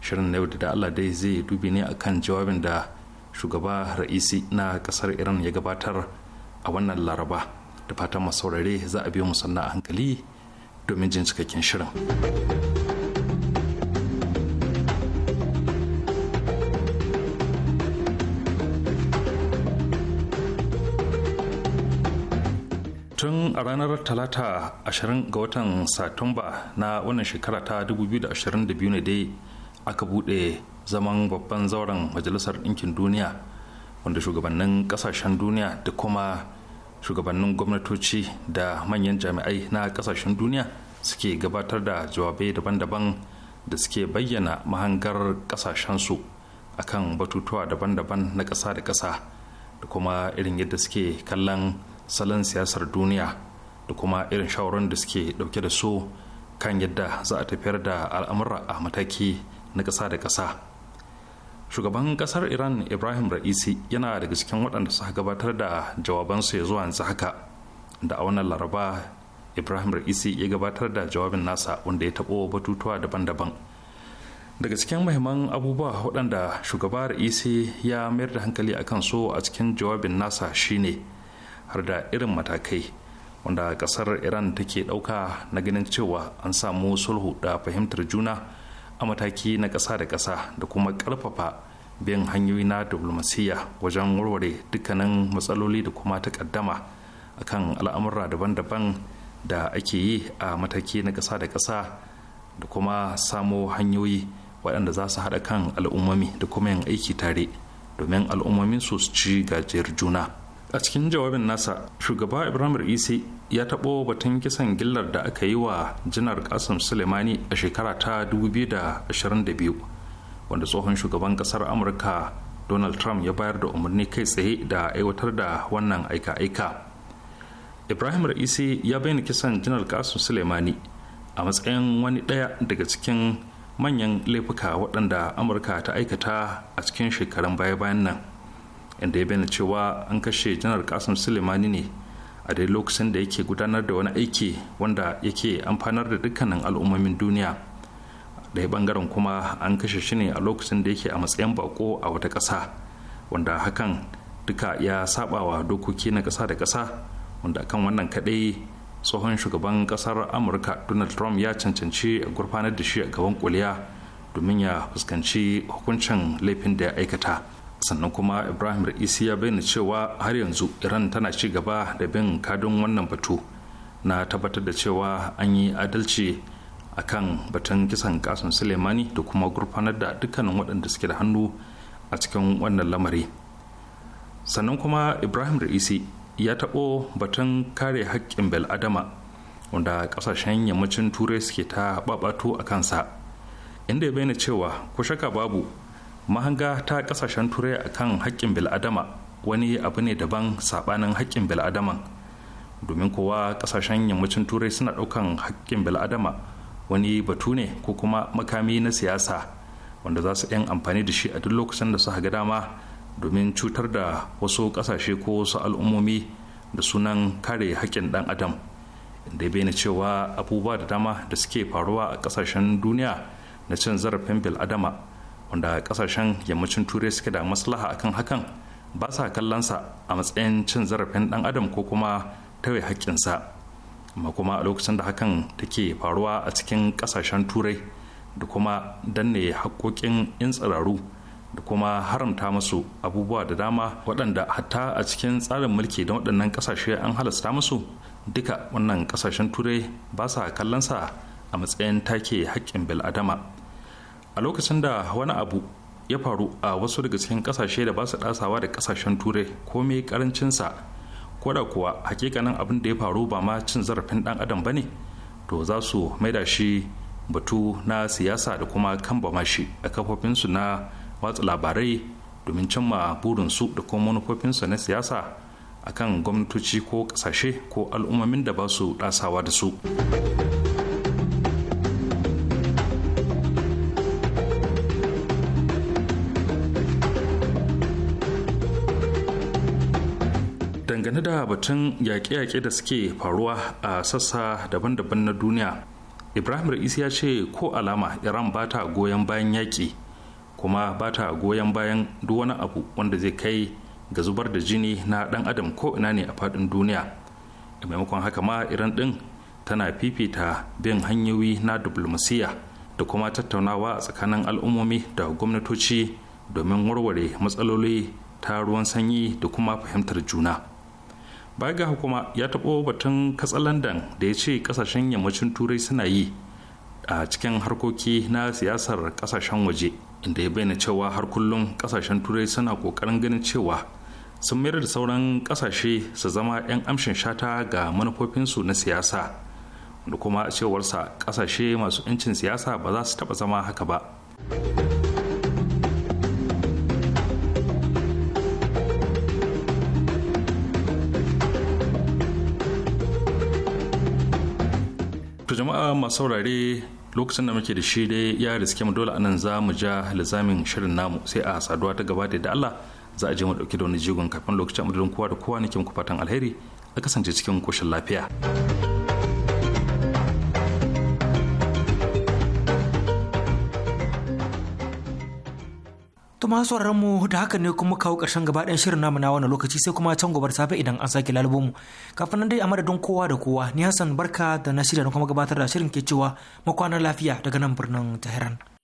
shirin na yau da Allah dai zai dubi ne akan jawabin da shugaba ra'isi na kasar iran ya gabatar a wannan laraba da fatan masu saurare za a biyo sannan a hankali domin jin cikakken shirin tun a ranar talata 20 ga watan satumba na wannan shekara ta 2022 ne dai aka bude zaman babban zauren majalisar ɗinkin duniya wanda shugabannin ƙasashen duniya da kuma shugabannin gwamnatoci da manyan jami'ai na ƙasashen duniya suke gabatar da jawabai daban-daban da suke bayyana mahangar ƙasashensu akan batutuwa daban-daban na ƙasa da ƙasa da kuma irin yadda suke kallon salon siyasar duniya da kuma irin shawarar da suke ɗauke da su kan yadda za a tafiyar da al'amura a mataki na ƙasa da ƙasa shugaban ƙasar iran ibrahim ra'isi yana daga cikin waɗanda suka gabatar da jawabansu ya zuwa yanzu haka da a wannan laraba ibrahim ra'isi ya gabatar da jawabin nasa wanda ya taɓo batutuwa daban-daban daga cikin mahimman abubuwa waɗanda shugaba ra'isi ya mayar da hankali a kan so a cikin jawabin nasa shine har da irin matakai wanda kasar iran take ɗauka na ganin cewa an samu sulhu da fahimtar juna a mataki na ƙasa da ƙasa da kuma ƙarfafa bin hanyoyi na diplomasiyya wajen warware dukkanin matsaloli da kuma takaddama akan al'amura daban-daban da ake yi a mataki na ƙasa da ƙasa da kuma samo hanyoyi waɗanda za su haɗa kan al'ummomi da kuma yin aiki tare domin al'ummomin su ci gajiyar juna a cikin jawabin nasa shugaba ibrahim isi ya taɓo batun kisan gillar da aka yi wa janar kasim sulemani a shekara ta 2022 wanda tsohon shugaban kasar amurka donald trump ya bayar da umarni kai tsaye da aiwatar da wannan aika-aika ibrahim isi ya bayyana kisan janar kasim suleimani a matsayin wani ɗaya daga cikin manyan laifuka waɗanda amurka ta aikata a cikin shekarun baya-bayan nan inda ya bayyana cewa an kashe janar kasim sulemani ne a dai lokacin da yake gudanar da wani aiki wanda yake amfanar da dukkanin al'ummomin duniya ɗaya bangaren kuma an kashe shi ne a lokacin da yake a matsayin bako a wata ƙasa wanda hakan duka ya sabawa dokoki na ƙasa da ƙasa wanda kan wannan kaɗai tsohon shugaban ƙasar amurka donald trump ya cancanci a gurfanar da shi a gaban kuliya domin ya fuskanci hukuncin laifin da ya aikata. sannan kuma ibrahim ra'isi ya bayyana cewa har yanzu iran tana ci gaba da bin kadin wannan batu na tabbatar da cewa an yi adalci a kan batun kisan kasan suleimani da kuma gurfanar da dukkanin waɗanda suke da hannu a cikin wannan lamari sannan kuma ibrahim ra'isi ya taɓo batun kare haƙƙin bel'adama wanda ƙasashen yammacin turai suke ta ɓaɓato a kansa inda ya bayyana cewa ko shaka babu mahanga ta kasashen turai akan haƙƙin bil'adama wani abu ne daban saɓanin haƙƙin bil'adaman domin kowa kasashen yammacin turai suna ɗaukan haƙƙin bil'adama wani batu ne ko kuma makami na siyasa wanda za su yan amfani da shi a duk lokacin da suka ga dama domin cutar da wasu kasashe ko wasu al'ummomi da sunan kare haƙƙin ɗan adam inda ya bayyana cewa abubuwa da dama da suke faruwa a kasashen duniya na cin zarafin bil'adama wanda kasashen yammacin turai suke da maslaha akan hakan ba sa kallonsa a matsayin cin zarafin dan adam ko kuma tauye haƙƙinsa amma kuma a lokacin da hakan take faruwa a cikin kasashen turai da kuma danne haƙƙoƙin in tsiraru da kuma haramta musu abubuwa da dama waɗanda hatta a cikin tsarin mulki da waɗannan kasashe an halasta musu duka wannan kasashen turai ba sa kallonsa a matsayin take haƙƙin bil'adama a lokacin da wani abu ya faru a wasu daga cikin kasashe da ba su dasawa da kasashen turai komai karancinsa ko da kuwa hakikanin abin da ya faru ba ma cin zarafin dan adam ba ne to za su maida shi batu na siyasa da kuma kambama shi a kafofinsu na watsa labarai domin cimma burinsu da kuma manufofinsu na siyasa akan gwamnatoci ko kasashe ko al'ummomin da ba su dasawa da su. dangane da batun yaƙe-yaƙe da suke faruwa a sassa daban-daban na duniya ibrahim Ra'is ya ce ko alama iran ba ta goyon bayan yaƙi kuma ba ta goyon bayan duk wani abu wanda zai kai ga zubar da jini na ɗan adam ko ina ne a faɗin duniya a maimakon haka ma iran ɗin tana fifita bin hanyoyi na diplomasiya da kuma tattaunawa a tsakanin al'ummomi da gwamnatoci domin warware matsaloli ta ruwan sanyi da kuma fahimtar juna. baya ga kuma ya taɓo batun katsalandan da ya ce ƙasashen yammacin turai suna yi a cikin harkoki na siyasar ƙasashen waje inda ya bayyana cewa har kullum ƙasashen turai suna ƙoƙarin ganin cewa sun mayar da sauran ƙasashe su zama 'yan amshin shata ga manufofinsu na siyasa da kuma cewarsa ƙasashe masu 'yancin siyasa ba za su taɓa zama haka ba. masu saurare lokacin da muke da shi dai ya riske mu dole anan za mu ja lizamin shirin namu sai a saduwa ta gaba da Allah za a je mu dauki da wani jigon kafin lokacin amadadin kowa da kowa nake muku fatan alheri a kasance cikin koshin lafiya. To masu mu da haka ne kuma kawo ƙarshen gaba ɗayan shirin namu na wannan lokaci sai kuma can gobar safe idan an sake lalubo mu. Kafin nan dai a madadin kowa da kowa ni Hassan barka da na shirya na kuma gabatar da shirin ke cewa makwanar lafiya daga nan birnin Tehran.